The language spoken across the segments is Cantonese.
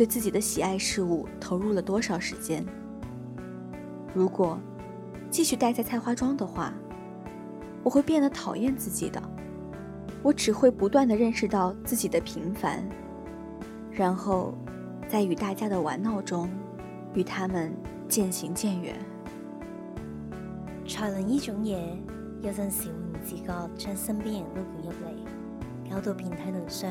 對自己的喜愛事物投入了多少時間？如果繼續待在菜花莊的話，我會變得討厭自己的。我只會不斷地認識到自己的平凡，然後在與大家的玩鬧中，與他們漸行漸遠。才能依種嘢，有陣時會唔自覺將身邊人都捲入嚟，搞到遍體鱗傷。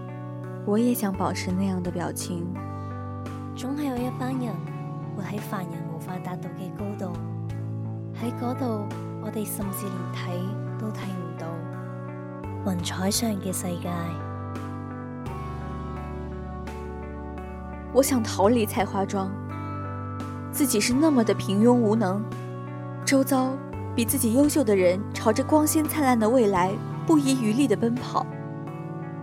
我也想保持那樣的表情。總係有一班人活喺凡人無法達到嘅高度，喺嗰度，我哋甚至連睇都睇唔到雲彩上嘅世界。我想逃離菜花莊，自己是那麼的平庸無能，周遭比自己優秀的人朝着光鮮燦爛的未來不遺餘力地奔跑。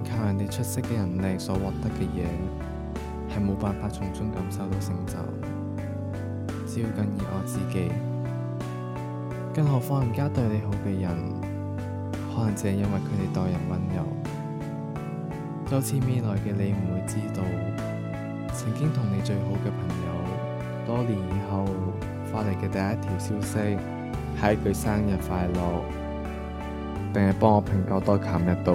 靠人哋出色嘅人力所獲得嘅嘢，係冇辦法從中感受到成就。只要更熱愛自己，更何況人家對你好嘅人，可能只係因為佢哋待人温柔。多次未來嘅你唔會知道，曾經同你最好嘅朋友，多年以後發嚟嘅第一條消息，係一句生日快樂，定係幫我拼多多砍一刀。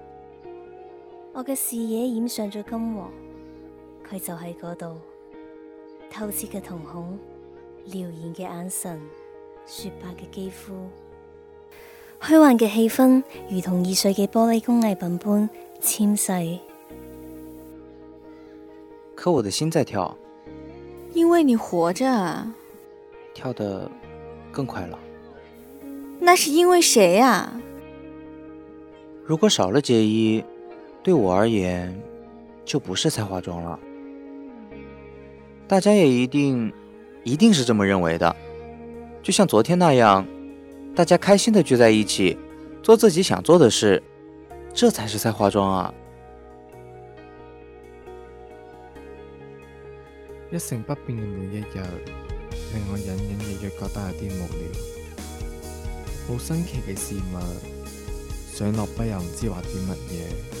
我嘅視野染上咗金黃，佢就喺嗰度，透徹嘅瞳孔，撩人嘅眼神，雪白嘅肌膚，虛幻嘅氣氛，如同易碎嘅玻璃工藝品般纖細。可我的心在跳，因為你活着，跳得更快了。那是因為誰啊？如果少了結衣。對我而言，就不是菜花莊了。大家也一定，一定是這麼認為的。就像昨天那樣，大家開心地聚在一起，做自己想做的事，這才是菜花莊啊！一成不變的每一日，令我隱隱約約覺得有啲無聊。好新奇嘅事物，想落筆又唔知畫啲乜嘢。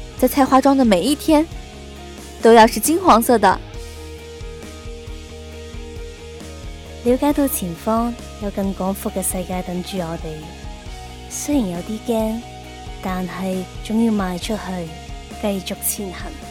在菜花莊的每一天，都要是金黃色的。了解到前方，有更廣闊嘅世界等住我哋。雖然有啲驚，但係總要邁出去，繼續前行。